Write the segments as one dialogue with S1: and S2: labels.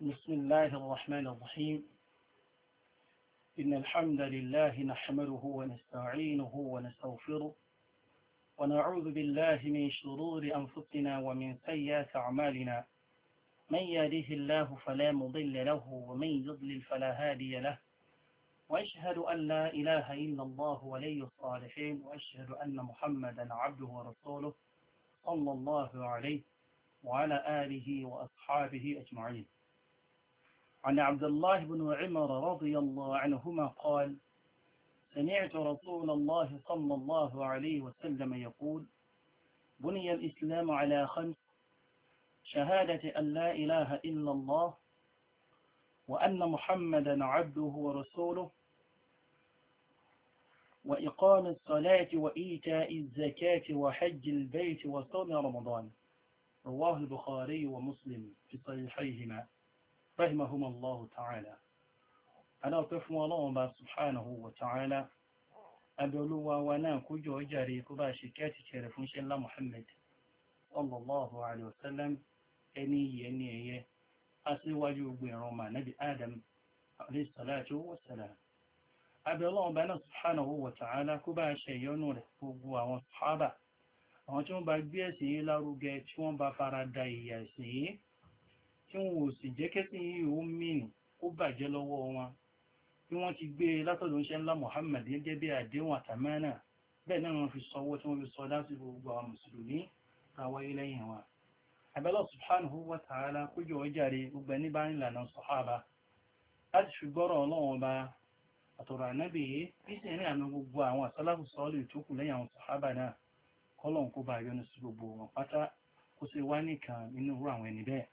S1: بسم الله الرحمن الرحيم إن الحمد لله نحمده ونستعينه ونستغفره ونعوذ بالله من شرور أنفسنا ومن سيئات أعمالنا من يهده الله فلا مضل له ومن يضلل فلا هادي له وأشهد أن لا إله إلا الله ولي الصالحين وأشهد أن محمدا عبده ورسوله صلى الله عليه وعلى آله وأصحابه أجمعين عن عبد الله بن عمر رضي الله عنهما قال سمعت رسول الله صلى الله عليه وسلم يقول بني الإسلام على خمس شهادة أن لا إله إلا الله وأن محمدا عبده ورسوله وإقام الصلاة وإيتاء الزكاة وحج البيت وصوم رمضان رواه البخاري ومسلم في صحيحيهما rahimahum allahu ta'ala adá ọpẹ́ fún ọlọ́run bá subhanahu wa ta'ala abẹ́olúwa wa náà kójọ ọjàre kó bá ṣe kẹ́ẹ̀tì kẹrẹ fún ṣẹlá muhammad sallallahu alaihi wasallam ẹni yẹ ní ẹyẹ aṣíwájú gbogbo ìran ma nabi adam alayhi salatu wa salam abẹ́olọ́run bá náà subhanahu wa ta'ala kó bá ṣe yọnu rẹ̀ gbogbo àwọn sahaba àwọn tí wọ́n bá gbé ẹ̀sìn yìí lárugẹ tí wọ́n bá fara da ìyà ẹ̀sìn tí wọn ò sì jẹ́ kẹ́sì yìí ó mìnù ó bàjẹ́ lọ́wọ́ wọn bí wọ́n ti gbé e látọ̀dọ̀ ṣe ńlá Muhammad gẹ́gẹ́ bí àdéhùn àtàmánà bẹ́ẹ̀ náà wọ́n fi sọwọ́ tí wọ́n fi sọ láti gbogbo àwọn mùsùlùmí tàwáyé lẹ́yìn wa abẹ́lọ́ subhanahu wa ta'ala kójú ọjàre gbogbo ẹni bá nílànà sọ̀hábà láti fi gbọ́rọ̀ ọlọ́wọ́n bá àtọ̀rọ̀ ànábì yìí kí sì ní àná gbogbo àwọn àsálàfù sọ́ọ̀lù ìtókù lẹ́yìn àwọn sọ̀hábà náà kọ́lọ̀ ń kó bá yọnu sí gbogbo wọn pátá kó sì wá nìkan nínú irú àwọn ẹni bẹ́ẹ̀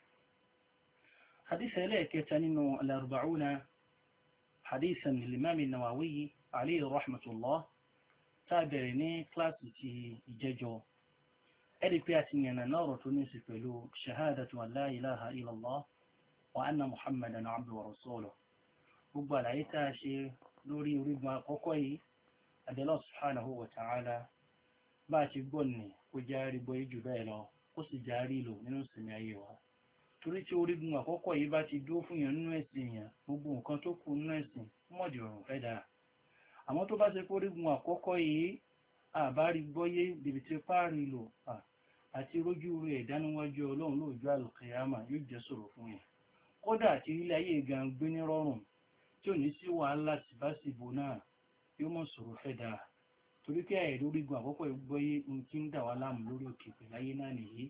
S1: حديث إليك تنين الأربعون حديثا للإمام النووي عليه رحمة الله تابرني كلاسيتي ججو أدي بياتي أن نار تونس بلو شهادة أن لا إله إلا الله وأن محمدا عبد ورسوله gbogbo àlàyé tá a ṣe lórí orígun àkọ́kọ́ yìí adẹ́lọ́ subhanahu wa ta'ala bá a ṣe gbọ́ ni kó torí tí orígun àkọ́kọ́ yìí bá ti dúó fún yàn nínú ẹ̀sìn èèyàn gbogbo nǹkan tó kù nínú ẹ̀sìn mọ̀dì ọ̀rùn fẹ́ dára àmọ́ tó bá ṣe pé orígun àkọ́kọ́ yìí àbárí gbọ́yé bèbè tí páàrí lò àti rójú rẹ̀ ìdániwájú ọlọ́run lóòjọ́ àlùkìyàmà yóò jẹ́ sọ̀rọ̀ fún yàn kódà àti ilé ayé gan ní rọrùn tí ò ní sí wàhálà tí bá sì bò náà yóò mọ̀ sọ̀rọ̀ fẹ́ dára torí pé àìrí orígun àkọ́kọ́ ìgbọ́yé ń kí ń dà wá láàmú lórí òkè pẹ̀láyé náà nìyí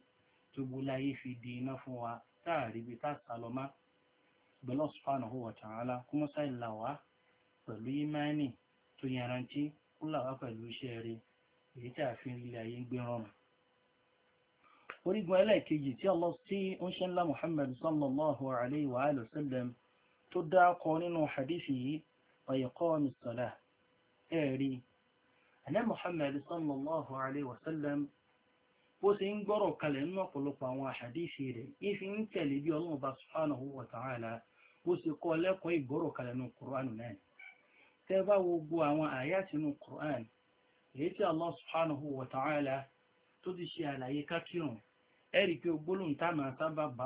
S1: gbogbo láyé fi di iná fún wa táàrí bí tá sálọmá bẹ́lá subhanahu wa ta'ala kúmọ́sá ìlàwá pẹ̀lú ìmáìnì tó yarantí ó làwá pẹ̀lú iṣẹ́ rẹ̀ èyí tí a fi ilẹ̀ ayé gbé rọrùn orígun ẹlẹ́ẹ̀kejì tí Allah tí ó ń ṣe ńlá Muhammad sallallahu alayhi wa sallam tó dákọ nínú hadithi yìí ọ̀yẹ̀kọ́ mìsọ̀lá ẹ̀rí ẹ̀lẹ́ Muhammad sallallahu alayhi wa sallam bó ṣe ń gbọ́rọ̀ kalẹ̀ nínú ọ̀pọ̀lọpọ̀ àwọn àhàdíìsì rẹ̀ ìfi ń tẹ̀lé bí ọlọ́run bá subhanahu wa ta'ala bó ṣe kọ́ lẹ́kọ̀ọ́ ìgbọ́rọ̀ kalẹ̀ nínú Qur'an náà tẹ́ bá gbogbo àwọn àyàtì nínú Qur'an èyí tí Allah subhanahu wa ta'ala tó ti ṣe àlàyé kákírùn ẹ̀rí pé gbólóhùn tá máa sábà bá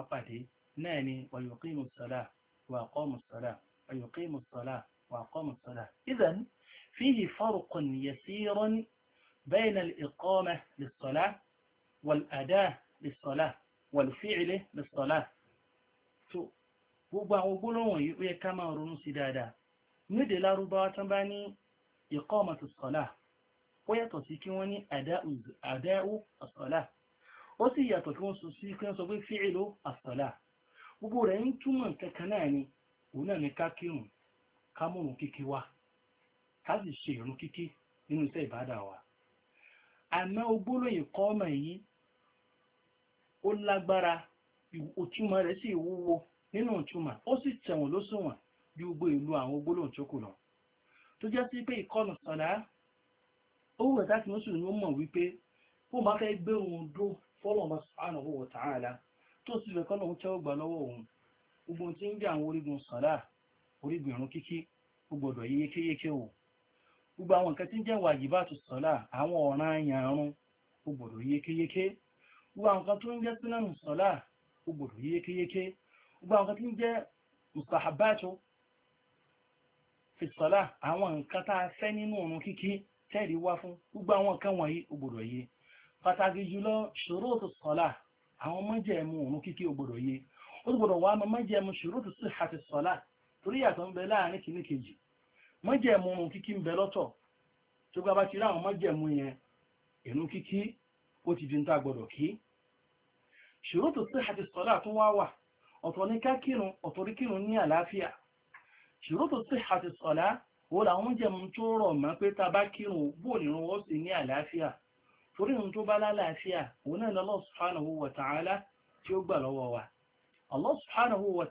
S1: والأداة للصلاة والفعل للصلاة so gbogbo àwọn gbólóhùn yìí ó yẹ ká máa ronú sí dáadáa nídè lárúbáwá tán bá ní iqamatu ssalah ó yàtọ̀ sí kí wọ́n ní ada'u as-salah ó sì yàtọ̀ kí wọ́n sọ sí kí kọ́ ọmọ yìí ó lágbára òtúmọ̀ rẹ̀ sì wúwo nínú ìtumọ̀ ó sì tẹ̀wọ̀n lóṣùwọ̀n ju gbogbo ìlú àwọn gbólóhùn tó kù lọ tó jẹ́ sí pé ìkọlù sọ̀dá ó wù ẹ̀dá tí mùsùlùmí ó mọ̀ wípé bó bá fẹ́ gbé òun dó fọ́lọ́mọ subhanahu wa ta'ala tó sì fẹ́ kọ́lọ́hún tẹ́wọ́ gbà lọ́wọ́ òun gbogbo tí ń gbé àwọn orígun sọ̀dá orígun ìrun kíkí ó gbọ́dọ̀ yí yékéyéké o gbogbo àwọn yékéyéké gbogbo àwọn kan tó ń jẹ́ súnà sọ́lá gbogbo yékéyéké gbogbo àwọn kan tó ń jẹ́ mustahabatu fi sọ́lá àwọn nǹkan tá a fẹ́ nínú òun kíkí tẹ́ẹ̀rí wá fún gbogbo àwọn kan wọ̀nyí gbogbo yé pàtàkì jùlọ ṣòróòtù sọ́lá àwọn mọ́jẹ̀mú òun kíkí gbogbo yé ó gbogbo wà mọ́ mọ́jẹ̀mú ṣòróòtù sí àti sọ́lá torí yàtọ̀ ń bẹ láàrin kìíní kejì ó ti di ń tá gbọdọ̀ kí ṣurutu sihhati sọ́lá tún wá wà ọ̀tọ̀ ní ká kírun ọ̀tọ̀ rí kírun ní àlàáfíà ṣurutu sihhati sọ́lá wọ́n làwọn oúnjẹ mú tó rọ̀ mọ́ pé ta bá kírun bó nìrun ó sì ní àlàáfíà torí ohun tó bá lálàáfíà òun náà lọ́lọ́ subhanahu wa tí ó gbà lọ́wọ́ wa Allah subhanahu wa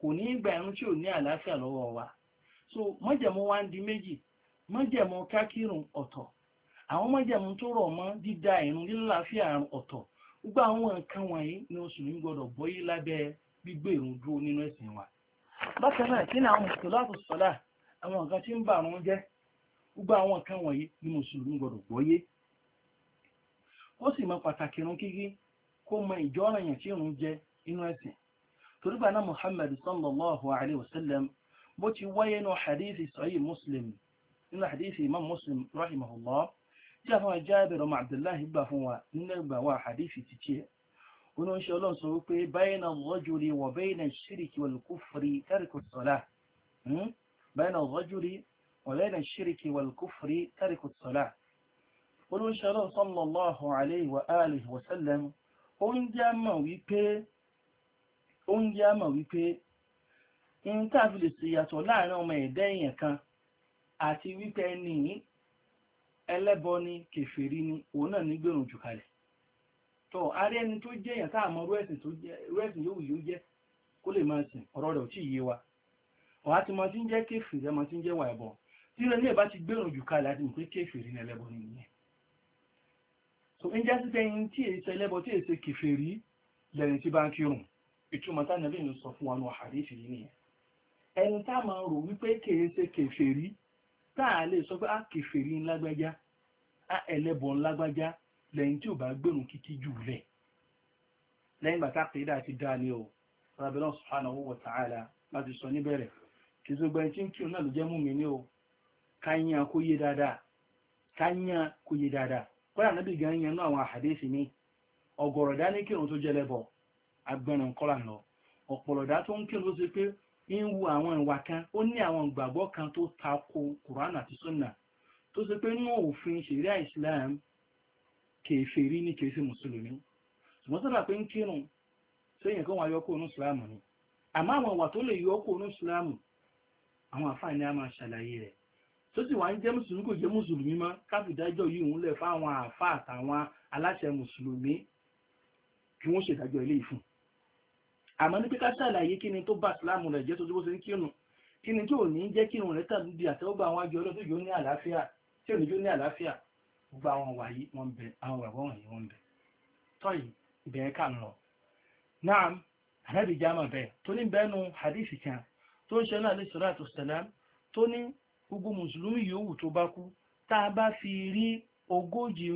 S1: kò ní gbà irun tí ò ní àlàáfíà lọ́wọ́ wa so mọ́jẹ̀mú wa ń di méjì mọ́jẹ̀mú ká kírun ọ̀tọ̀ àwọn májẹ̀mú tó rọ̀ mọ́ dídá ìrun lílàáfíà ọ̀tọ̀ gbogbo àwọn nǹkan wọ̀nyí ni oṣù ní gbọdọ̀ bọ́yé lábẹ́ gbígbé ìrun dúró nínú ẹ̀sìn wa bákan náà kí ni àwọn mùsùlùmí láti sọ́lá àwọn nǹkan tí ń bà wọn jẹ́ gbogbo àwọn nǹkan wọ̀nyí ni mùsùlùmí gbọdọ̀ bọ́yé ó sì mọ pàtàkì ìrun kíkí kó mọ ìjọ́ranyàn tí ìrun jẹ́ inú ẹ̀sìn náà sallallahu Muslim nínú imam Muslim rahimahullah tí a fún Jabir ọmọ Abdullahi gbà fún wa nígbà wà hadisi ti tí ẹ oní oṣù ọlọ́run sọ wípé bayna rajuli wa bayna shirki wal kufri tarku salah hmm? bayna rajuli wa bayna shirki wal kufri tarku salah oní oṣù ọlọ́run sallallahu alayhi wa alihi wa ẹlẹ́bọ ni kèfèrí ni òun náà ní gbèrò jù kalẹ̀ tọ́ ààrẹ ẹni tó jẹ́ èèyàn káàmọ́ rẹ́sìn yóò yóò jẹ́ kó lè máa sìn ọ̀rọ̀ rẹ̀ ò tí ì yé wa ọ̀há ti máa ti ń jẹ́ kèfèrí máa ti ń jẹ́ wà ẹ̀bọ tí ilé ìbá ti gbèrò jù kalẹ̀ àti nǹkan kèfèrí ni ẹlẹ́bọ ni nìyẹn so ń jẹ́ síbẹ̀ yín tí èyí ṣe ẹlẹ́bọ tí èyí ṣe kèfèrí lẹ́yìn tí bá ń kírun ìtumọ̀ táwọn ẹbí ń sọ fún wa nù àdéhìí tá táà lè sọ pé á ah, kèfèrí ńlágbẹ́já ẹlẹ́bọn lágbájá lẹ́yìn tí ò bá gbẹ̀rùn kíkí jù lẹ̀ lẹ́yìn bàtà kìdá ti dá ní o rabbi subhanahu wa ta'ala láti sọ níbẹ̀rẹ̀ kí tó gbẹ̀rẹ̀ tí ń kírun náà ló jẹ́ múmi ní o káyán kó yé dáadáa káyán kó yé dáadáa kọ́lá nábì gan yan náà àwọn àhàdéṣì ní ọgọ̀rọ̀ dá ní kírun tó jẹ́lẹ́bọ̀ agbẹ̀rùn kọ́lá lọ ọ̀pọ̀lọ̀ dá tó ń kírun tó ṣe pé ń wu àwọn ìwà kan ó ní àwọn ìgbàgbọ́ kan tó ta ko kùránà àti sunnah tó ṣe pé ní òfin ṣẹ̀ríà Islam kèfèrí ní kèsì mùsùlùmí ṣùgbọ́n sábà pé ń kírun sẹ́yìn kan wà yọkó onú ìsìláàmù ni àmọ́ àwọn ìwà tó lè yọkó onú ìsìláàmù àwọn àfáà ni a máa ṣàlàyé rẹ̀ tó sì wá ń jẹ́ mùsùlùmí kò jẹ́ mùsùlùmí mọ́ káfídájọ́ yìí ń lẹ̀ fáwọn àfáà àtàwọn aláṣẹ mùsùlùmí kí wọ́n ṣèdájọ́ ilé ìfún àmọ́ ní pípa ṣàlàyé kí ni tó bá ìsìláàmù rẹ̀ jẹ́ tó tó bó ṣe ń kírun kí ni tí ò ní jẹ́ kírun rẹ̀ tàbí àtẹ́wọ́gbà àwọn àjọ ọlọ́dún yóò ní àlàáfíà tí ò ní jó ní àlàáfíà gbogbo àwọn wàyí wọ́n bẹ àwọn wàwọ́ wọ̀nyí wọ́n bẹ tọ́yì ìbẹ̀rẹ̀ kà ń lọ náà ànábì jámà bẹ tó ní bẹ́ẹ̀nu hadith kan tó ń ṣe náà ní sọ́láàtù sàlám tó ní gbogbo mùsùlùmí yòówù tó bá kú tá a bá fi rí ogójì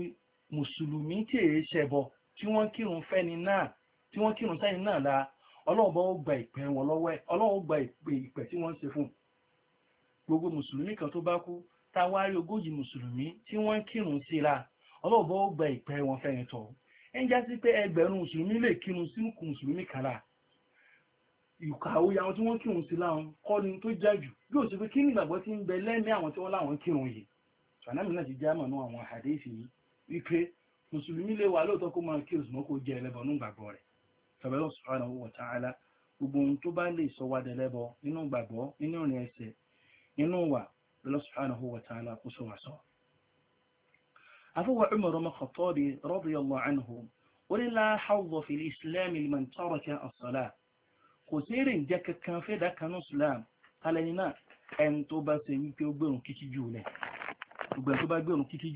S1: mùsùlùmí tí èé ṣẹbọ tí wọ́n kírun fẹ́ni náà tí wọ́n kírun sẹ́ni náà la ọlọ́run bá ó gba ìpè wọn lọ́wọ́ ẹ̀ ọlọ́run ó gba ìpè tí wọ́n ń ṣe fún gbogbo mùsùlùmí kan tó bá kú tawari ogójì mùsùlùmí tí wọ́n ń kírun síra ọlọ́ọ̀bọ̀ ó gba ìpẹ́ wọn fẹ́yìn tọ̀ ẹ ń já sí pé ẹgbẹ̀rún mùsùlùmí lè kírun sí mùsùlùmí kàrà ìkàwé àwọn tí wọ́n kírun sí láwọn kọ́ni tó já jù bí ó sì pé kí ni ìgbàgbọ́ ti ń bẹ lẹ́mí àwọn tí wọ́n láwọn kírun yìí sànàmì náà ti já mọ̀ nú àwọn àdéhìsì yìí wípé mùsùlùmí lè wà lóòótọ́ kó máa kírun ṣùgbọ́n kó jẹ́ ẹlẹ́bọ nú ìgbàgbọ́ rẹ̀ tọ́bẹ́lọ́ subhanahu wa ta'ala gbogbo ohun tó bá lè sọ wá dẹlẹ́bọ nínú ìgbàgbọ́ nínú ìrìn ẹsẹ̀ nínú wà Allah سبحانه وتعالى ta'ala kó sọ عمر afọwọ́ رضي الله عنه ولله حظ في الإسلام la hawza الصلاة. islam liman taraka as-salat kò sí أن jẹ́ kankan fẹ́ dá kanú islam alẹ́ni náà ẹni tó bá ṣe wípé ó gbẹ̀rún kíkí jù rẹ̀ gbogbo tó bá gbẹ̀rún kíkí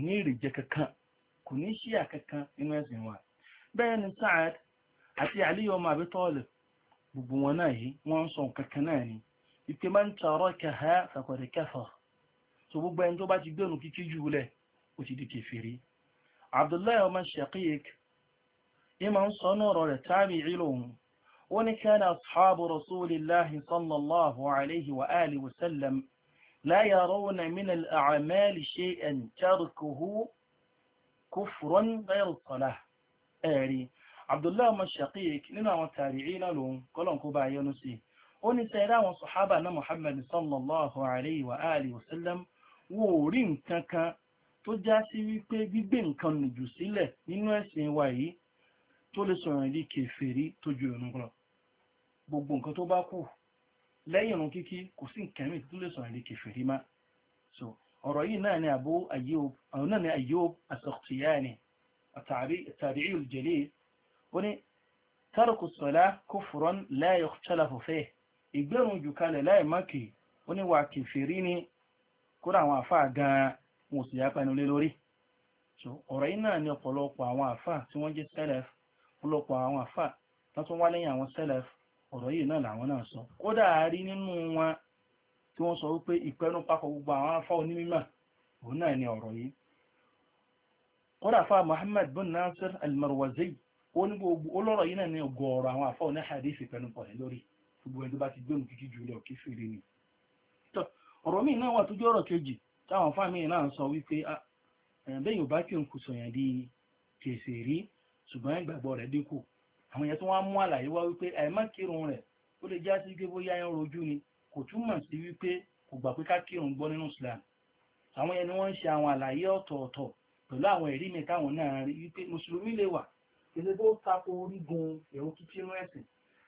S1: ní rìn kankan kò ní sí àkankan inú ẹ̀sìn wa bẹ́ẹ̀ ni Sa'ad àti Ali ọmọ gbogbo wọn náà yìí wọ́n sọ nǹkan náà ni ìpé máa ń tààrọ kẹha faqad kafar so gbogbo ẹni tó bá ti gbẹ̀rù kíkí jù lẹ̀ ó ti di kèfèrí abdullahi ọmọ shaqiq ima ń sọ náà rọrẹ̀ tàbí ìlòhun ó ní kana ashabu rasulillahi sallallahu alaihi wa alihi wa sallam la yarawna min al'amali shay'an tarkuhu kufran ghayr salah ẹ̀rí abdullahi ọmọ shaqiq nínú àwọn tàbí ìlòhun kọlọ̀nkú bá yẹnu sí ó ní sẹ́rẹ́ àwọn sọ̀hábà náà Muhammad sallallahu alayhi wa alihi wa sallam wo rí nǹkan kan tó já sí wípé gbígbé nǹkan nìjù sílẹ̀ nínú ẹ̀sìn wa yìí tó lè sọ̀rọ̀ ní kèfèrí tó ju ìrun lọ gbogbo nǹkan tó bá kù lẹ́yìn ìrun kíkí kò sí nǹkan tó lè sọ̀rọ̀ ní kèfèrí má so ọ̀rọ̀ yìí náà ni Abu Ayyub náà ni Ayyub as-Sakhtiyani at-tabi'i ó ní tarku as-salah kufrun la yakhtalafu fihi ìgbérun jù kalẹ̀ láì mọ́kì ó ní wà kìfèrí ni kódà àwọn àfáà gan-an wọn ò sì yápa lórí so ọ̀rọ̀ yìí náà ni ọ̀pọ̀lọpọ̀ àwọn àfáà tí wọ́n jẹ́ sẹ́lẹ̀f ọ̀pọ̀lọpọ̀ àwọn àfáà tó tún wá lẹ́yìn wọn sọ wípé ìpẹ́nu papọ̀ gbogbo àwọn afá onímọ̀ òun náà ni ọ̀rọ̀ yìí kódà bin Nasir ó ní gbogbo yìí náà ni ọgọ́ọ̀rọ̀ àwọn hadith ìpẹ́nu gbogbo ẹni tó bá ti gbé òmùtútù jù lọ kí fèrè ni. ọ̀rọ̀ míì náà wà tó jẹ́ ọ̀rọ̀ kejì táwọn fámìlì náà sọ wípé bẹ́ẹ̀ yóò bá kí òun kò sọ̀yàn di kèsè rí ṣùgbọ́n ìgbàgbọ́ rẹ̀ dínkù àwọn yẹn tó wá mú àlàyé wá wípé àìmọ́ kírun rẹ̀ ó lè já sí pé bóyá ẹ̀ ń ni kò túmọ̀ sí wípé kò gbà pé ká kírun gbọ́ nínú Islam àwọn yẹn ni wọ́n ń ṣe àwọn àlàyé ọ̀tọ̀ọ̀tọ̀ pẹ̀lú àwọn ẹ̀rí mi táwọn náà rí wípé mùsùlùmí lè wà èdè tako orígun èrò kíkí ẹ̀sìn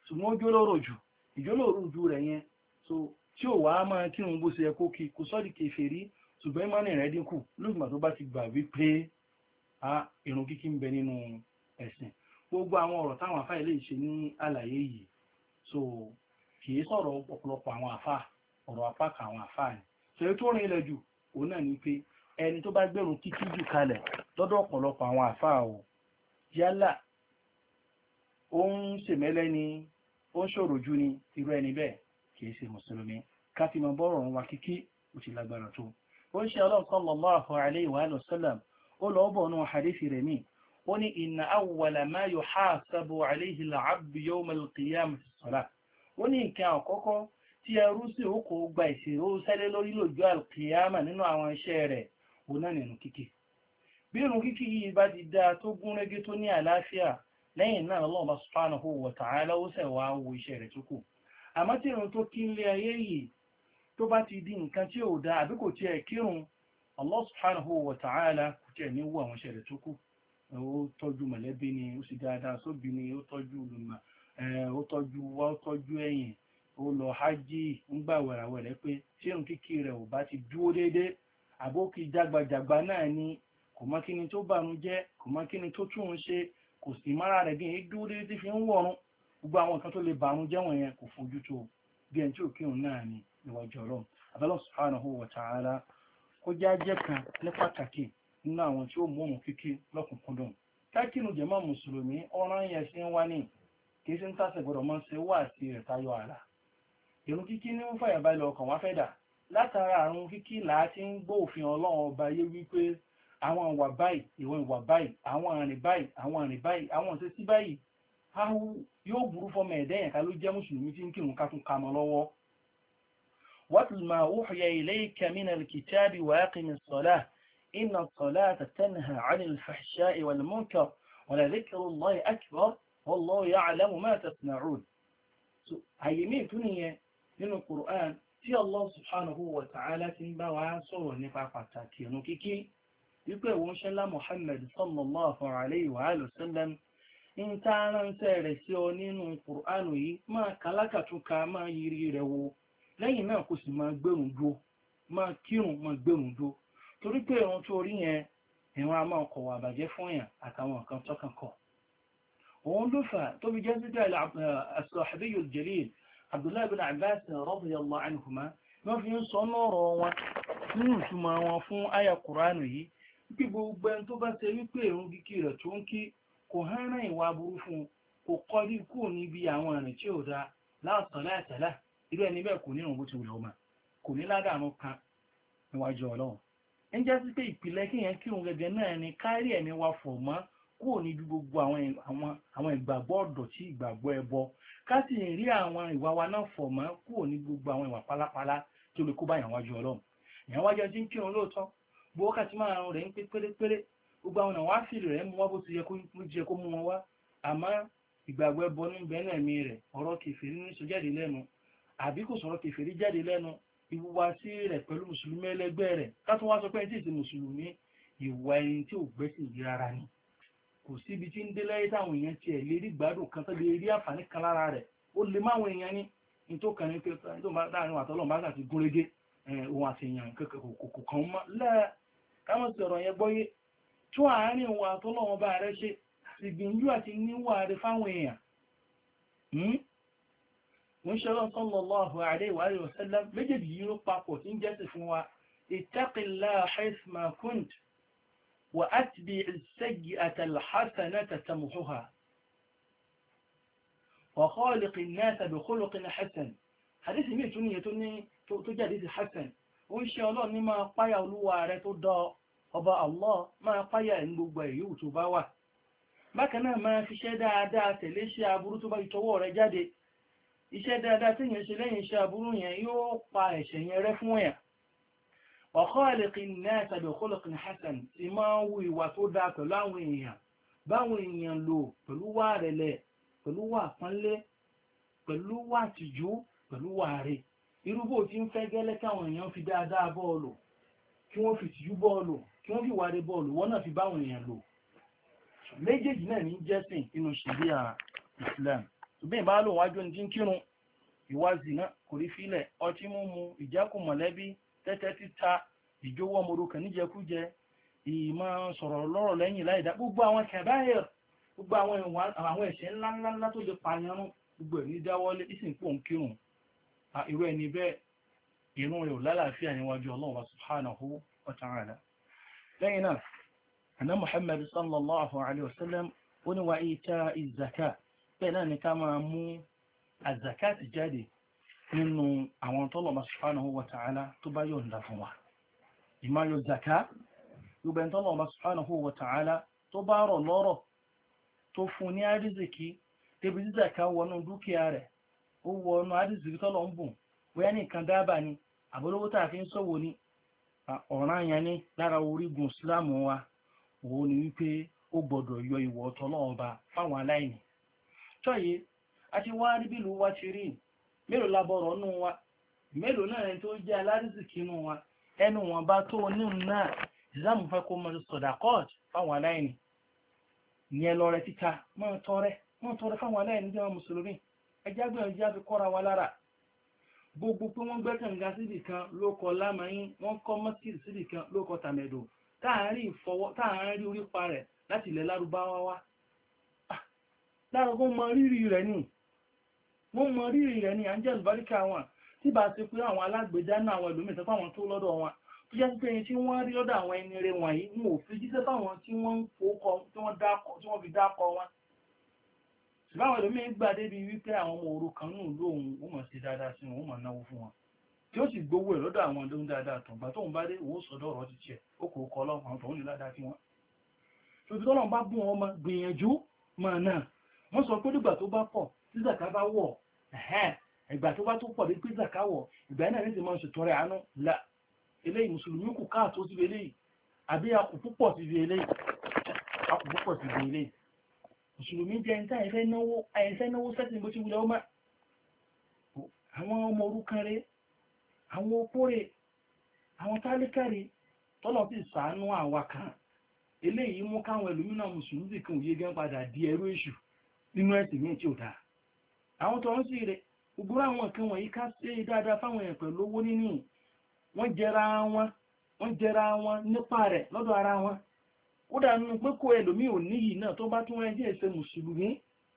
S1: ṣùgbọ́n ó jólórò jù ìjọ́lóòrùn ju rẹ̀ yẹn so tí ò wá máa kírun bó ṣe ẹkó kí kò sọ́ọ̀dì kèfèrí ṣùgbọ́n ìmánì rẹ̀ dínkù lóògbà tó bá ti gbà wípé a irun kíkí ń bẹ nínú ẹ̀sìn gbogbo àwọn ọ̀rọ̀ táwọn àfáà ilé ìṣe ní àlàyé yìí so kì í sọ̀rọ̀ ọ̀pọ̀lọpọ̀ àwọn àfáà ọ̀rọ̀ apá kan àwọn àfáà ni so èyí tó rìn ilẹ̀ jù òun náà ni pé ẹni tó bá gbẹ̀rún kíkí jù kalẹ̀ lọ́dọ̀ ọ̀pọ̀lọpọ̀ àwọn àfáà o yálà ó ń ṣèmẹ́lẹ́ ni ó ṣòro jú ni irú ẹni bẹ́ẹ̀ kìí ṣe mùsùlùmí káfí mọ bọ́rọ̀ wọn kíkí ó ti lágbára tó ó ṣe Allah sallallahu alayhi wa sallam ó lọ bọ̀ nù hadithi rẹ̀ mi ó ní inna sí òkò gba ìṣèrò sẹ́lẹ̀ lórí lójú alkiyama nínú àwọn iṣẹ́ rẹ̀ òun nínú kíkí bí irun kíkí yìí bá ti dáa tó gún régé tó ní àlàáfíà lẹ́yìn náà Allah subhanahu wa ta'ala ó sẹ̀ wá wo iṣẹ́ rẹ̀ tó kù àmọ́ tí irun tó kí nílé ayé yìí tó bá ti di nǹkan tí ò dáa àbí kò tiẹ̀ kírun Allah subhanahu wa ta'ala kò tiẹ̀ ní àwọn iṣẹ́ ni ó sì dáadáa sóbì ni ó lọ ń gbà wẹ̀rẹ̀wẹ̀rẹ̀ pé kíkí rẹ̀ ò bá ti àbókí náà ni kò mọ kíni tó kò si mara rẹ̀ bí èyí dúró fi ń wọ̀run gbogbo àwọn nǹkan tó lè bàrún jẹ́wọ̀n yẹn kò fojú tó bí ẹni tí òkè òun náà ni níwájú ọlọ́run abẹ́lọ́ subhanahu wa ta'ala kó já jẹ́ kan ní pàtàkì nínú àwọn tí ó mú òun kíkí lọ́kùnkúndùn kákínú jẹ́mọ́ mùsùlùmí ọ̀ràn yẹn sí ń wá ní kì í sí ń tàṣẹ ṣe rẹ̀ tayọ ti ń òfin ọlọ́run ọba yé wípé àwọn ìwà báyìí ìwọ ìwà báyìí àwọn àrìn báyìí àwọn àrìn báyìí àwọn ọ̀sẹ̀ sí báyìí ahu yóò burú fọmọ ẹ̀dẹ́ yẹn ká ló jẹ́ mùsùlùmí tí ń kírun ká tún yẹ lọ́wọ́ watlu ma uhiya ilayka minal kitabi wa aqimis salah inna as-salata tanha 'anil fahsha'i wal munkar wa la dhikrullahi akbar wallahu ya'lamu ma tasna'un so àyè mí tún nínú Qur'an tí Allah subhanahu wa ta'ala ti bá wa sọ̀rọ̀ nípa pàtàkì ìrun kíkí wípé ìwọ́n ṣẹ́lá Muhammad sallallahu alayhi wa sallam ń ta ránṣẹ́ rẹ̀ sí ọ nínú Kùránù yìí máa kálákàtúnka máa yiri rẹ̀ wo lẹ́yìn náà kò sì máa gbẹ̀rùn dúó máa kírun máa gbẹ̀rùn dúó torí pé ìrun tó rí yẹn ìrun a máa kọ̀wà àbàjẹ́ fún yàn àtàwọn nǹkan tọ́kàn kọ̀ òun ló fà tó fi jẹ́ sídà as-sahabiyyul jalil bí gbogbo ẹni tó bá ṣe wípé èrò kíkí rẹ̀ tó ń kí kò hánà ìwà burú fún kò kọjú kúrò níbi àwọn àrìn tí ò dáa láàtọ̀lá àtẹ̀lá irú ẹni bẹ́ẹ̀ kò nírun bó ti wùlọ mà kò ní ládàánú kan níwájú ọlọ́run ń jẹ́ sí pé ìpìlẹ̀ kíyàn kírun gẹ́gẹ́ náà ni kárí ẹ̀mí wa fọ̀ mọ́ kúrò níbi gbogbo àwọn ìgbàgbọ́ ọ̀dọ̀ tí ìgbàgbọ́ ẹbọ ká sì rí àwọn ìwà wa náà fọ̀ mọ́ kúrò ní gbogbo àwọn ìwà pálapàla tó lè kó bá yàn wájú ọlọ́run ìyàn wájú ọjọ́ ń kírun lóòótọ́ bó wákàtí márùn-ún rẹ̀ ń pé pérépéré gbogbo àwọn àwọn àfìlì rẹ̀ mú wá bó ti yẹ kó mú wọn wá àmọ́ ìgbàgbọ́ ẹbọ ní bẹ́ẹ̀ ẹ̀mí rẹ̀ ọ̀rọ̀ kèfèrí ní sọ jáde lẹ́nu àbí kò sọ̀rọ̀ kèfèrí jáde lẹ́nu ìwúwasí rẹ̀ pẹ̀lú mùsùlùmí ẹlẹgbẹ́ rẹ̀ kátó wá sọ pé tí ìsìn mùsùlùmí ìwà ẹni tí ò gbẹ́sìn yìí rárá ni kò síbi tí ń dé láyé táwọn èèyàn tiẹ̀ lè rí gbádùn kan tó lè rí àǹfààní kan lára rẹ̀ ó lè máwọn èèyàn ní ní tó ní pé òun àti èèyàn kòkò kan mọ́ láà káwọn sọ̀rọ̀ yẹn gbọ́yé tó àárín òun àtọ́lọ́wọ́n bá rẹ ṣe ìgbìyànjú àti níwà rẹ fáwọn èèyàn wọ́n ṣe lọ́n sallallahu alaihi wa sallam méjèèjì yìí ló papọ̀ tí ń jẹ́sì fún wa ittaqillaha haythuma kunt wa atbi'is sayyi'ata al-hasanata tamhuha wa khaliqin nasa bi khuluqin hasan àdísì míì tún níye tó ní tó jẹ́ àdísì hasan ó ń ṣe ọlọ́run ní máa páyà olúwa rẹ tó dọ ọba Allah máa páyà ẹ̀ ní gbogbo ẹ̀ yóò tó bá wà bákan náà máa ṣiṣẹ́ dáadáa tẹ̀lé ṣe aburú tó bá ti tọwọ́ rẹ jáde iṣẹ́ dáadáa tí yẹn ṣe lẹ́yìn iṣẹ́ aburú yẹn yóò pa ẹ̀ṣẹ̀ yẹn rẹ fún ẹ̀yà wa khaliqin nasa bi khuluqin hasan ti máa ń wu ìwà tó dáa pẹ̀lú àwọn èèyàn báwọn èèyàn lò pẹ̀lú wà rẹ̀lẹ̀ pẹ̀lú wà pọ́nlé pẹ̀lú pẹ̀lú wàre irúgbó tí ń fẹ́ gẹ́lẹ́ káwọn èèyàn fi dáadáa bọ́ọ̀lù kí wọ́n fi tìjú bọ́ọ̀lù kí wọ́n fi wàre bọ́ọ̀lù wọ́n náà fi báwọn èèyàn lò méjèèjì náà ní jẹ́sìn nínú ṣàríà Islam ṣùgbọ́n ìbá lò wájú ní kírun ìwà zina kò rí fílẹ̀ ọtí mímu ìjákùn mọ̀lẹ́bí tẹ́tẹ́ títa ìjówọ́ morokà níjẹkújẹ ìmọ̀ sọ̀rọ̀ lọ́rọ̀ lẹ́yìn láìdá gbogbo àwọn kẹbáyẹ̀r gbogbo àwọn ẹ̀ṣẹ̀ ńláńlá tó lè pààyàn gbogbo ẹ̀ ní dáwọ́lé ìsìnkú òǹkírun irú ẹni bẹ́ẹ̀ ìrun rẹ̀ ò lálàáfíà níwájú Ọlọ́run subhanahu wa ta'ala lẹ́yìn náà àná Muhammad sallallahu alaihi wasallam ó ní wa ìta ìzàká bẹ́ẹ̀ náà ni ká máa mú àzàká ti jáde nínú àwọn tọ́lọ̀ subhanahu wa ta'ala tó bá yọ̀ǹda fún wa ìmáyọ̀ zàká gbogbo ẹni subhanahu wa ta'ala tó bá rọ̀ lọ́rọ̀ tó fún ní àrízìkí débi zàká wọnú dúkìá rẹ̀ ó wọ ọ̀nà àdìsìkí tọ́lọ̀ ń bùn bóyá ní nǹkan ni àbólówó tá a fi ń sọ̀wọ́ ni ọ̀ràn yẹn ní lára orígun ìsìláàmù wa òun ni wípé ó gbọ́dọ̀ yọ ìwọ̀ ọ̀tọ̀lọ́wọ́n ọba fáwọn aláìní tọ́yé wá wa ti rí mélòó labọ̀rọ̀ nù wa mélòó náà wa ẹnu wọn bá tó náà fẹ́ kó mọ̀ fáwọn aláìní ìyẹn lọ títa mọ́ tọrẹ mọ́ tọrẹ ẹjá gbìyànjú já fi kọ́ra wa lára gbogbo pé wọ́n gbẹ́ kànga síbì kan ló kọ lámàáyín wọ́n kọ́ mọ́síìlì síbì kan ló kọ tàmẹ̀dò táàárín orí pa rẹ̀ láti ilẹ̀ lárúbáwá wá ah, lárugún mọ rírì rẹ̀ ni wọ́n mọ rírì rẹ̀ ni angel barika wọn tí bá ti pé àwọn alágbèdá náà àwọn ìlú mìíràn fáwọn tó lọ́dọ̀ wọn tó jẹ́ pé ẹni tí wọ́n rí lọ́dọ̀ àwọn ẹni rẹ̀ wọ̀nyí wọn ò fi jíṣẹ́ fáwọn tí wọ́n fi dákọ̀ wọn ṣùgbọ́n àwọn ẹlòmíín gbà débi wípé àwọn ọmọ òrukàn nù lóhun ó mọ̀ sí dáadáa sí wọn ó mọ̀ náwó fún wọn tí ó sì gbowó ẹ̀ lọ́dọ̀ àwọn tó ń dáadáa tàn gbà tóun bá dé òun sọ̀dọ̀ ọ̀rọ̀ ti tiẹ̀ ó kò kọ́ ọlọ́run àwọn tòun ní ládàá fún wọn. tòbí tọ́lọ́run bá bùn ọmọ gbìyànjú mọ̀ náà wọ́n sọ pé nígbà tó bá pọ̀ tí zaka bá wọ̀ ìgbà tó bá tó pọ̀ dé pé zaka wọ̀ ìgbà náà ní ti máa ń ṣètọrẹ àánú là eléyìí mùsùlùmí kù káàtó síbi eléyìí àbí akùn púpọ̀ síbi eléyìí akùn púpọ̀ síbi eléyìí mùsùlùmí jẹ́ ẹni táyẹ̀ fẹ́ náwó àyẹ̀fẹ́ náwó sẹ́tìn bó ti wùlẹ̀ ọmọ àwọn ọmọ òrukàn rẹ̀ àwọn opó rẹ̀ àwọn tálíkà rẹ̀ tọ́lọ̀ sì sàánú àwa kan eléyìí mú káwọn ẹlòmínà mùsùlùmí kan òye gan padà di ẹrú èṣù nínú ẹ̀sìn àwọn tó ń sì rẹ̀ àwọn kan wọ̀nyí ká dáadáa fáwọn ara wọn kódà nínú pé kó ẹlòmíì ò níyì náà tó bá tún wáyé díẹ̀ ṣe mùsùlùmí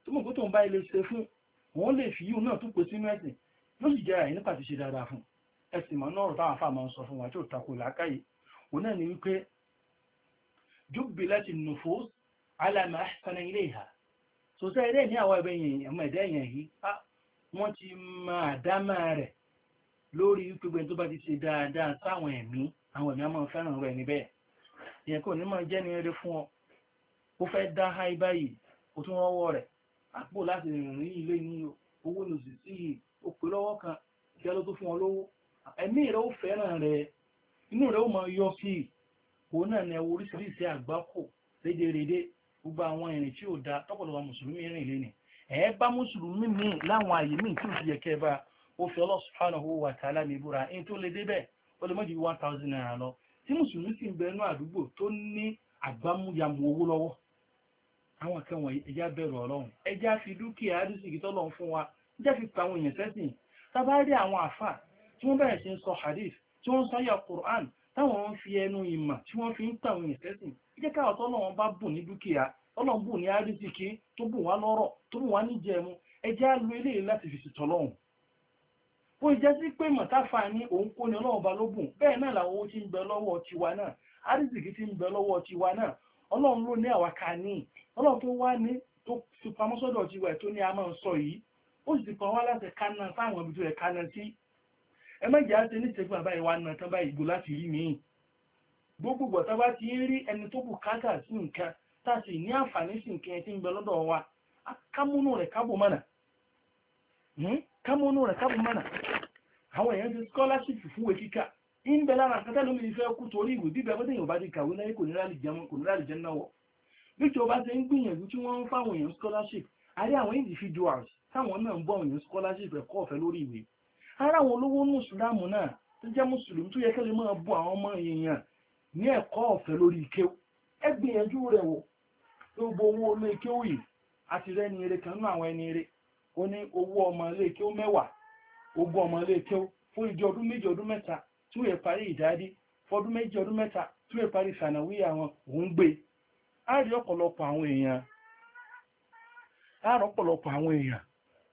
S1: tó mọ̀ pé tó ń bá ilé ṣe fún wọn lè fi yíò náà tó pè sínú ẹ̀sìn ló sì jẹ́ àyínípa ti ṣe dáadáa fún ẹ̀sìn mọ́ náà táwọn afá máa ń sọ fún wa tí ó tako làákàyè òun náà ni wípé jubbilatin nufus ala ma ahsana ilayha sòtẹ́ ilé ní àwọn ẹgbẹ́ yẹn ọmọ ẹ̀dá yẹn yìí wọ́n ti máa dámà rẹ̀ lórí wípé gbẹ́ni tó bá ti ṣe dáadáa sáwọn ẹ̀mí àwọn ẹ̀mí á máa fẹ́ràn rẹ̀ níbẹ̀ ìyẹn kò ní máa jẹ́ ní eré fún ọ ó fẹ́ dá háì báyìí ó tún rọ́wọ́ rẹ̀ àpò láti rìnrìn ilé ní owó lòsì sí yìí lọ́wọ́ kan jẹ́ ló tó fún ọ lówó ẹ̀mí rẹ̀ ó fẹ́ràn inú rẹ̀ ó máa yọ sí i òun náà ni oríṣiríṣi àgbákò rédèrèdè gbogbo àwọn ìrìn tí ò da tọ́pọ̀lọpọ̀ mùsùlùmí rìn lé mùsùlùmí láwọn àyè tí ò fi yẹ bá ó fi tí mùsùlùmí sì ń bẹ inú àdúgbò tó ní àgbámúyamù owó lọ́wọ́ àwọn akẹ́wọ̀n ẹja bẹ̀rù ọlọ́run ẹja fi dúkìá àdúsìkì tọ́lọ̀ fún wa ẹja fi pa àwọn èèyàn sẹ́sìn tábà rí àwọn àfà tí wọ́n bẹ̀rẹ̀ sí ń sọ hadith tí wọ́n ń sáyà Qur'an táwọn ń fi ẹnu ìmọ̀ tí wọ́n fi ń pa àwọn èèyàn sẹ́sìn ẹjẹ́ káwọn tọ́lọ́run bá bùn ní dúkìá tọ́lọ́run bùn ní àdúsìkì tó bùn wá lọ́rọ̀ tó bùn wá níjẹ̀mú ẹja lo eléyìí láti fi sùtọ́lọ́run o jẹ́ sí pé mọ̀táfà ní òun kó ní ọlọ́run bá bẹ́ẹ̀ náà làwọn ń bẹ lọ́wọ́ tiwa náà àrísìkí ti ń bẹ lọ́wọ́ tiwa náà ọlọ́run ló ní àwàká ní ọlọ́run tó wá ní tó fi pamọ́ sọ́dọ̀ tiwa tó ní a máa ń sọ yìí ó sì kàn wá láti kánà fáwọn ibi tó yẹ sí ẹ má jẹ́ àti náà tán báyìí gbogbo ti ń rí ẹni tó sí a sì ní àǹfààní sí nǹkan ń bẹ lọ́dọ̀ wa kámúnú rẹ̀ kábò mọ́nà hmm? àwọn èèyàn ti scholarship fún ìwé kíkà ń bẹ lára àkátà lómi ìfẹ́ kú torí ìwé bíbẹ bọ́dẹ̀ yóò bá ti kàwé láyé kò ní rálì jẹun kò ní rálì jẹun náà wọ̀ bí ti ń gbìyànjú tí wọ́n ń fáwọn èèyàn scholarship àrí àwọn individuals táwọn náà ń bọ́ àwọn èèyàn scholarship ẹ̀kọ́ ọ̀fẹ́ lórí ìwé ara àwọn olówó mùsùlùmù náà tó jẹ́ mùsùlùmí tó yẹ kí lè máa bọ́ àwọn ọmọ èèyàn ní ẹ̀kọ́ ọ̀fẹ́ lórí ìkéw ẹ gbìyànjú rẹ̀ wò gbogbo owó ilé ìkéw yìí àti rẹ́ni eré kan nínú àwọn ẹni eré ó ní owó ọmọ ilé ìkéw mẹ́wàá ogún ọmọ ilé kéwú fún ìjọ ọdún méjì ọdún mẹ́ta tí ó yẹ parí ìdádí fọdún méjì ọdún mẹ́ta tí ó yẹ parí sànàwí àwọn òun gbé a rí ọ̀pọ̀lọpọ̀ àwọn èèyàn a rí ọ̀pọ̀lọpọ̀ àwọn èèyàn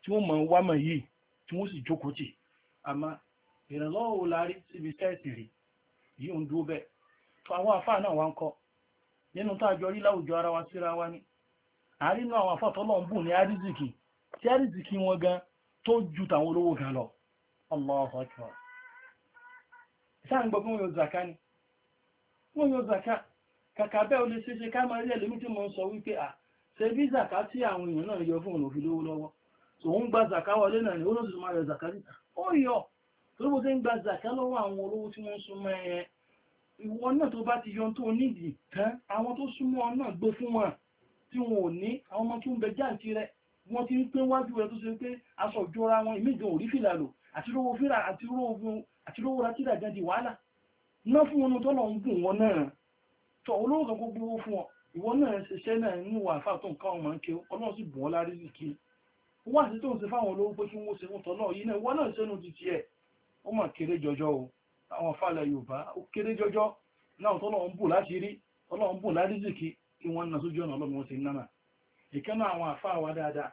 S1: tí wọ́n mọ̀ ń wámọ̀ yìí tí wọ́n sì jókòó tì àmọ́ ìrànlọ́wọ́ wo la rí síbi sẹ́ẹ̀sì rí yìí ń dúró bẹ́ẹ̀ àwọn àfáà náà wá ń kọ́ nínú tó àjọ rí láwùjọ ara wa síra wa ní àárínú àwọn àfáà ń bùn ní àrízìkì tí àrízìkì wọn gan tó ju tàwọn olówó gan lọ Allahu Akbar sáà ń gbọ́ fún o lè ṣeṣe ká máa rí ẹlòmí tí mo ń sọ wípé à ṣe bí zaka tí àwọn èèyàn náà yọ fún òfin lówó lọ́wọ́ tó ń gba zaka wọlé náà ni ó lọ́sùn máa yọ zaka níta ó yọ torí bó ṣe ń gba zaka lọ́wọ́ àwọn olówó tí wọ́n súnmọ́ ẹ ìwọ náà tó bá ti yọ tó nídìí tán àwọn tó súnmọ́ náà gbé fún wọ́n ti ń pé wájú ẹ̀ tó ṣe pé aṣọ òjòra wọn ìmígan òrí fìlà lò àti rówó fìlà àti ati rákìlà gan di wàhálà náà fún wọn tọ́lọ̀ ń gùn wọn náà tọ́ olóògùn gbogbo fún ọ ìwọ náà ṣiṣẹ́ náà nínú wà fà nǹkan ọmọ ń ọlọ́run sì bùn ọ́ lárí nìkí wọ́n àti tó ń ṣe fáwọn olówó pé kí wọ́n o àwọn fàlẹ̀ Yorùbá ó kéré jọjọ náà láti rí wa dáadáa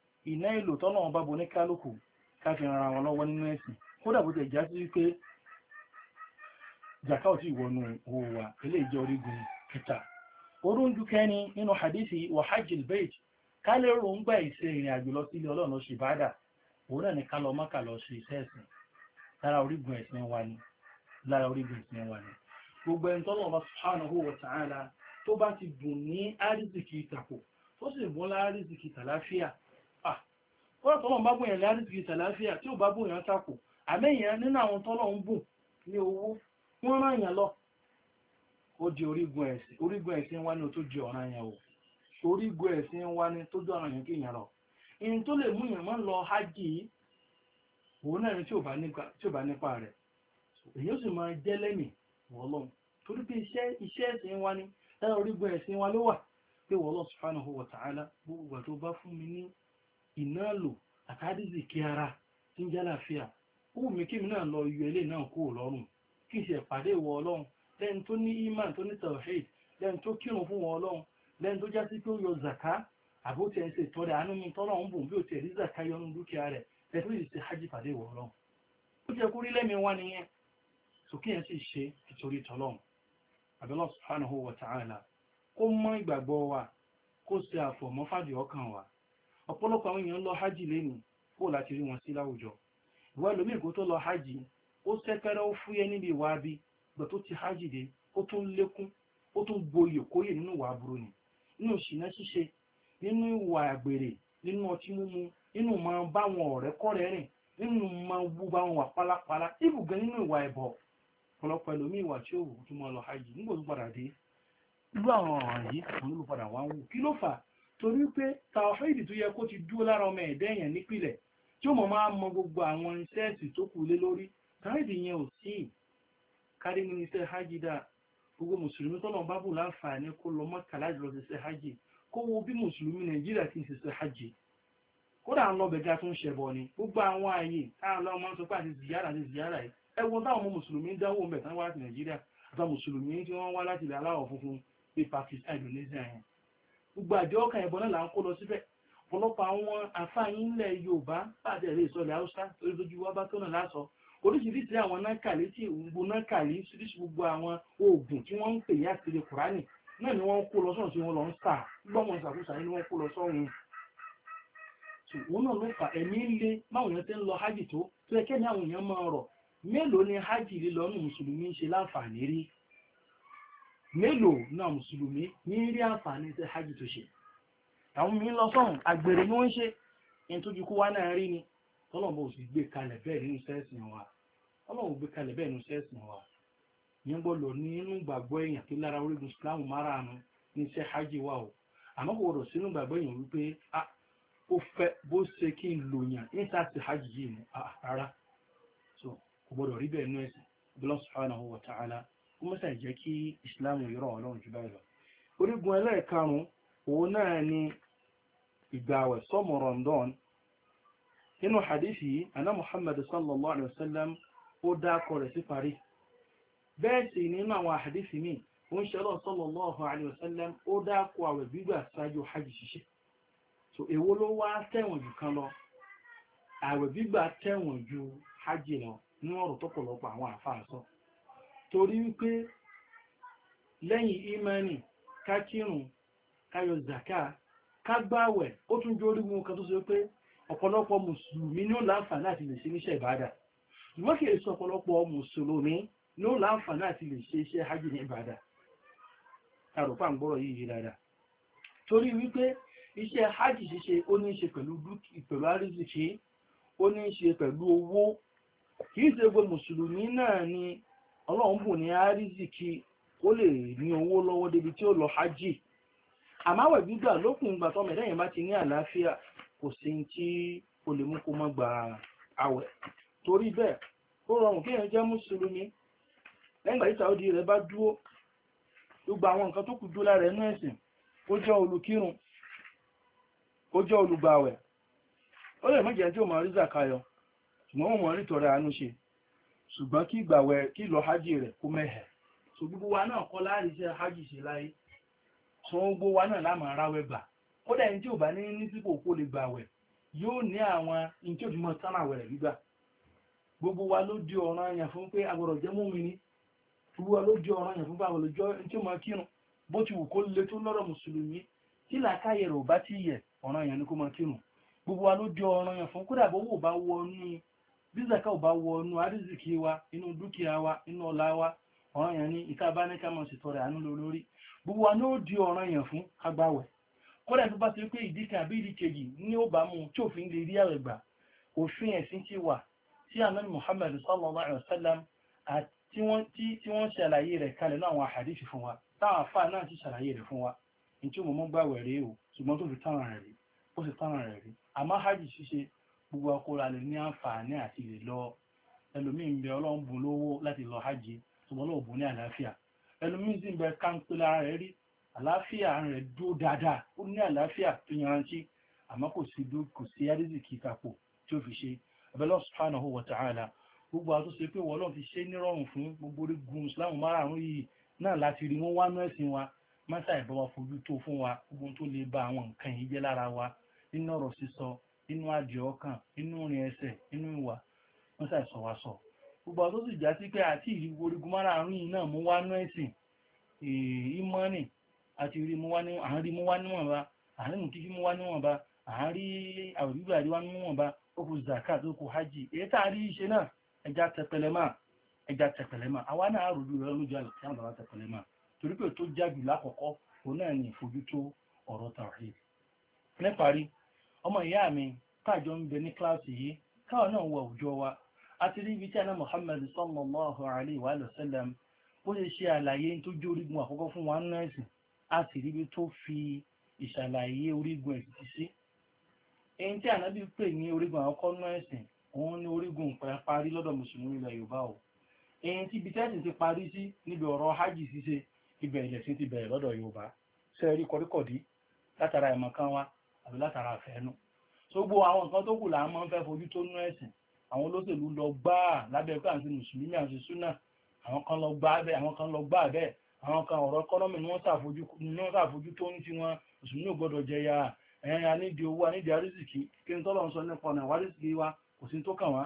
S1: ìná ìlò tọ́nà ọba bò ní kálukú káfí ara wọn lọ́wọ́ nínú ẹ̀sìn kódà bó ti já sí wípé jàká ò tí ìwọnú owó ilé ìjẹ orígun kẹta orún ju kẹni nínú hadithi wa hajjil bayt rò ń gbà ìṣe ìrìn àjò lọ sílé ọlọ́run ṣe òun náà ni ká lọ mọ́kà lọ ṣe iṣẹ́ ẹ̀sìn lára orígun gbogbo ẹni ọba kọ́nà tọ́lọ̀ bá bóyàn láti fi ìtàláfíà tí ó bá bóyàn tako àmẹ́yàn nínú àwọn tọ́lọ̀ ń bùn ní owó wọ́n rán lọ ó di orígun ẹ̀sìn wá ní o ọ̀ràn o hajj òun náà ni tí ò bá nípa rẹ̀ èyí sì máa jẹ́ lẹ́mì wọ́lọ́n torí pé iṣẹ́ ẹ̀sìn wá ní orígun ẹ̀sìn gbogbo fún iná lò àkádìsì kí ara tí ń jẹ́ láàfíà ó wù kí mi náà lọ yọ ilé náà kúrò lọ́rùn kí n ṣe ìwọ ọlọ́run tó ní iman tó ní tawhid tó kírun fún wọn ọlọ́run tó yọ zaka àbí ó tiẹ̀ ṣe ìtọ́rẹ àánú mi tọ́lọ́ ń bùn bí ó tiẹ̀ rí zaka yọnu dúkìá rẹ̀ tó hajj pàdé ìwọ ọlọ́run ó jẹ́ kó rí lẹ́mi wá nìyẹn yẹn sì ṣe wa kó wa ọ̀pọ̀lọpọ̀ àwọn èèyàn lọ hajj lẹ́nu kó láti rí wọn sí láwùjọ ìwà ẹlòmíì kó tó lọ hajj ó sẹ́kẹ́rẹ́ ó fúyẹ́ níbi ìwà abi gbà tó ti hajj dé ó tún lékún ó tún gboyè kóyè nínú ìwà aburú ni nínú ìṣìnà ṣíṣe nínú ìwà àgbèrè nínú ọtí mímu nínú ma báwọn ọ̀rẹ́ kọ́rẹ́ rìn nínú ma wú báwọn wà pálapàla ibùgbẹ́ nínú ìwà ẹ̀bọ̀ ọ̀pọ̀lọpọ̀ ẹlòmíì torí pé tàwáhídì tó yẹ kó ti dúó lára ọmọ ẹ̀dá èèyàn nípìlẹ̀ tí ó mọ̀ máa mọ gbogbo àwọn iṣẹ́ẹ̀sì tó kù lé lórí tàwáhídì yẹn ò sí kárí ní iṣẹ́ hajj dá gbogbo mùsùlùmí tọ́lọ̀ bá bù láǹfààní kó lọ Mọ́kà láti lọ ṣiṣẹ́ hajj kó wo bí mùsùlùmí Nàìjíríà ti ń ṣiṣẹ́ hajj kódà ń lọ bẹ̀gá tó ń ṣẹbọ ni gbogbo àwọn ààyè táwọn ọmọ sọ pé àti ziyara àti ziyara yìí ẹwọ́n táwọn ọmọ mùsùlùmí ń dánwò mẹ́ta wá láti Nàìjíríà àtàwọn mùsùlùmí tí wọ́n wá láti ilẹ̀ funfun bíi Pakistan Indonesia yẹn gbogbo àjọ ọkàn ẹ̀bọ̀n náà là ń kó lọ síbẹ̀ ọ̀pọ̀lọpọ̀ àwọn àfáàyín ńlẹ̀ yorùbá pàdé ẹ̀rẹ́ ìsọ̀lẹ̀ haúsá torí lójú wa bá tọ́nà lásọ oríṣiríṣi àwọn nákàlí tí gbogbo nákàlí oríṣiríṣi gbogbo àwọn oògùn tí wọ́n ń pè ní àtìlẹ kùránì náà ni wọ́n ń kó lọ sọ́run tí wọ́n lọ ń sà gbọ́ wọn ṣàkóso àyè ni wọ́n kó lọ sọ́run òun náà ló fà ẹ̀mí lé máwọn èèyàn ti ń lọ hajj tó tó yẹ kẹ́ni àwọn èèyàn máa rọ̀ mélòó ni hajj lílọ́nù mùsùlùmí ń ṣe láǹfààní rí mélòó na mùsùlùmí ní rí àǹfààní tẹ hajj tó ṣe àwọn mi lọ sọ́run àgbèrè ni wọ́n ṣe ẹni tó ju kó wá náà rí ni tọ́lọ́mọ òsì gbé kalẹ̀ bẹ́ẹ̀ nínú wa tọ́lọ́mọ gbé kalẹ̀ bẹ́ẹ̀ nínú sẹ́ẹ̀sìn wa ní gbọ́dọ̀ nínú gbàgbọ́ èèyàn tó lára orígun Islam ní hajj wa o àmọ́ kò sínú gbàgbọ́ èèyàn wípé ó fẹ́ bó ṣe kí n lò yàn ní sáàsì hajj yìí mú rárá so kò gbọ́dọ̀ rí bẹ́ẹ̀ ẹ̀sìn bí kó mọ́sà jẹ́ kí ìsìláàmù yọrọ̀ wọn lọ́rùn jù báyìí lọ. orígun ẹlẹ́ẹ̀karùn-ún òun náà ni ìgbàwẹ̀ sọ́mù rọ̀ǹdọ́n nínú hadithi yìí aná muhammad sallallahu alayhi wa sallam ó dá akọ rẹ̀ sí parí bẹ́ẹ̀ sì nínú àwọn hadithi míì ó ń ṣẹlọ sallallahu alayhi wa sallam ó dá akọ àwẹ̀ gbígbà ṣáájú hajj ṣiṣẹ́ so èwo ló wá tẹ̀wọ̀n jù kan lọ àwẹ̀ gbígbà tẹ̀wọ̀n ju hajj lọ ní ọ̀rọ̀ tó pọ̀lọpọ̀ àwọn àfáà sọ torí wípé lẹ́yìn imani kákírùn káyọ zaka kágbàwẹ̀ ó tún jẹ́ orígun kan tó sọ pé ọ̀pọ̀lọpọ̀ mùsùlùmí ní ó láǹfààní àti lè ṣe níṣẹ́ ìbádà ìwọ́n kìí sọ ọ̀pọ̀lọpọ̀ mùsùlùmí ní ó láǹfààní àti lè ṣe iṣẹ́ hajj ní ìbádà tàrùpá ń gbọ́rọ̀ yìí dáadáa torí wípé iṣẹ́ hajj ṣíṣe ó ní ṣe pẹ̀lú pẹ̀lú àríṣìṣe ó ní ṣe pẹ̀lú owó kìí ṣe gbogbo mùsùlùmí náà ni ọlọ́run bù ní àrízìkì kó lè ní owó lọ́wọ́ débi tí ó lọ hajj àmáwẹ̀ gbígbà lókùn ìgbà tọ́mọ ẹ̀dẹ́yìn bá ti ní àlàáfíà kò sí tí o lè mú kó má gba àwẹ̀ torí bẹ́ẹ̀ ó rọrùn kéèyàn jẹ́ mùsùlùmí lẹ́yìn ìgbà tí rẹ̀ bá dúró gbogbo àwọn nǹkan tó kù dúró lára ẹnu ẹ̀sìn ó jẹ́ olùkírun ó jẹ́ olùgbàwẹ̀ ó lè ṣùgbọ́n kí ìgbàwẹ̀ kí lọ hajj rẹ̀ kó mẹ́hẹ̀ so gbogbo wa náà kọ́ láàrin iṣẹ́ hajj ṣe láyé so gbogbo wa náà láàmú aráwẹ̀ gbà kódà ẹni tí ò bá ní ní sípò kó lè gbàwẹ̀ yóò ní àwọn ní tí òjúmọ́ tánàwẹ̀ rẹ̀ gbígbà gbogbo wa ló di ọ̀ràn yẹn fún pé agbọ̀rọ̀ jẹ́ mú mi ní gbogbo wa ló di ọ̀ràn yẹn fún pé agbọ̀rọ̀ jọ tí ó kírun bó ti wù kó le tó lọ́rọ̀ mùsùlùmí tí làákàyè rẹ̀ ò bá ti yẹ ọ̀ràn yẹn ni kó máa kírun gbogbo wa ló di ọ̀ràn yẹn fún kódà bó wò bá wọnú bí zaka ò bá wọ inú àrízìkí wa inú dúkìá wa inú ọlá wa ọ̀ràn yẹn ní ìta bá ní ká mọ̀ sí tọrẹ àánú lórí gbogbo wa ní ó di ọ̀ràn yẹn fún agbáwẹ̀ kódà tó bá ti pé ìdí kan àbí ìdí ní ó bá mú tí òfin lè rí àwẹ̀ gbà òfin ẹ̀sìn ti wà tí ànábì Muhammad sallallahu alaihi wasallam tí wọ́n ṣàlàyé rẹ̀ kalẹ̀ náà àwọn àhàdífì fún wa táwọn afá náà ti ṣàlàyé rẹ̀ fún wa ní tí ó mọ̀ mọ́ gbàwẹ̀ rèé o ṣùgbọ́n tó fi tán rẹ̀ rí ó sì tán rẹ̀ rí àmọ́ hajj ṣíṣe gbogbo akóra lè ní àǹfààní àti lè lọ ẹlòmíín bẹ ọlọ́run bùn lówó láti lọ hajj ṣùgbọ́n lọ́wọ́ bùn ní àlàáfíà ẹlòmíín sì ń bẹ káńpé lára rẹ̀ rí àlàáfíà rẹ̀ dúró dáadáa ó ní àlàáfíà tó yanrantí àmọ́ kò sí dúró kò sí àdézìkì kápò tí ó fi ṣe abẹ́lẹ́ subhanahu wa ta'ala gbogbo àtúnṣe pé wọ́n lọ́n fi ṣe nírọ̀rùn fún gbogbo orígun islam márààrún yìí náà láti rí wọ́n wánú ẹ̀sìn wa mọ́tà ìbọn wa fojú tó fún wa gbogbo tó lè ba àwọn nǹkan yìí jẹ́ lára wa nínú ọ̀rọ̀ sísọ inú àjẹ́ ọkàn inú rìn ẹsẹ̀ inú ìwà wọ́n ṣàìsọ wa sọ gbogbo àwọn tó sì já sí pé àti ìrìwò orígun márààrún yìí náà mú wá ní ẹ̀sìn ìmọ́nì àti àárí mú wá níwọ̀nba àárín kíkí mú wá níwọ̀nba àárí àwẹ̀ gbígbà rí wá níwọ̀nba ó kù zakat ó kù hajj èyí tá a rí iṣẹ́ náà ẹja tẹpẹlẹ máa ẹja tẹpẹlẹ máa àwa náà rúdú rẹ lójú àlọ́ tí àwọn tẹpẹlẹ máa torí pé tó jágù lákọ̀ọ́kọ́ òun náà ní ìfojú ọ̀rọ̀ tàwáhìí níparí ọmọ ìyá mi káàjọ ń bẹ ní kíláàsì yìí káwọn náà wọ àwùjọ wa a ti rí ibi tí aná Muhammad sallallahu alayhi wa sallam ó lè ṣe àlàyé tó jẹ́ orígun àkọ́kọ́ fún wa nínú ẹ̀sìn a sì rí ibi tó fi ìṣàlàyé orígun ẹ̀sìn ti sí èyí tí ànábì pè ní orígun àkọ́kọ́ nínú ẹ̀sìn òun ní orígun parí lọ́dọ̀ mùsùlùmí ilẹ̀ Yorùbá o èyí tí ibi tẹ́sìn ti parí sí níbi ọ̀rọ̀ hajj ṣíṣe ibẹ̀ ilẹ̀ sí ti bẹ̀rẹ̀ lọ́dọ̀ Yorùbá sẹ́ẹ̀rí kọ́ríkọ̀dí látara ìmọ̀ kan wa àbí látara fẹ́nu sógbó àwọn nǹkan tó kù là ń mọ́ fẹ́ fojú tó nú ẹ̀sìn àwọn olóṣèlú lọ gbáà lábẹ́ pé àti mùsùlùmí àti súnà àwọn kan lọ gbáà bẹ́ẹ̀ àwọn kan lọ gbáà bẹ́ẹ̀ àwọn kan ọ̀rọ̀ kọ́nọ́mì ni wọ́n ṣàfojú tó ń ti wọn mùsùlùmí ò gbọ́dọ̀ jẹya ẹ̀yìn anídìí owó anídìí arísìkí kí ni tọ́lọ́ ń sọ nípa ọ̀nà ìwà arísìkí wa kò sí tó kàn wá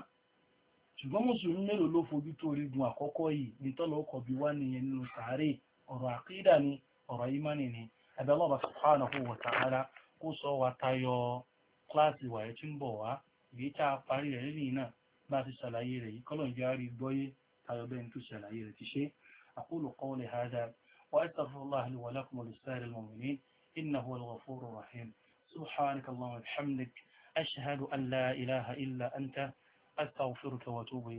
S1: ṣùgbọ́n mùsùlùmí mélòó ló fojú tó orígun àkọ́kọ́ yìí ní tọ́lọ́ ọkọ̀ bí wá nìyẹn nínú sàárè ọ̀rọ̀ àkídà ni ọ̀rọ̀ ìmánì ni abẹ́lọ́ba subhanahu wa ta'ala kó sọ wa tayọ kíláàsì wa tí ń bọ̀ wá èyí tá a parí rẹ̀ lẹ́yìn náà bá a ti ṣàlàyé rẹ̀ yìí kọ́lọ̀ jẹ́ àárí gbọ́yé tayọ bẹ́ẹ̀ tó ṣàlàyé rẹ̀ ti ṣe aqulu qawli hadha wa astaghfirullah li wa lakum wa lisa'iril mu'minin innahu wal rahim subhanaka wa bihamdik wa atubu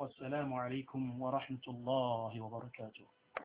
S1: والسلام عليكم ورحمة الله وبركاته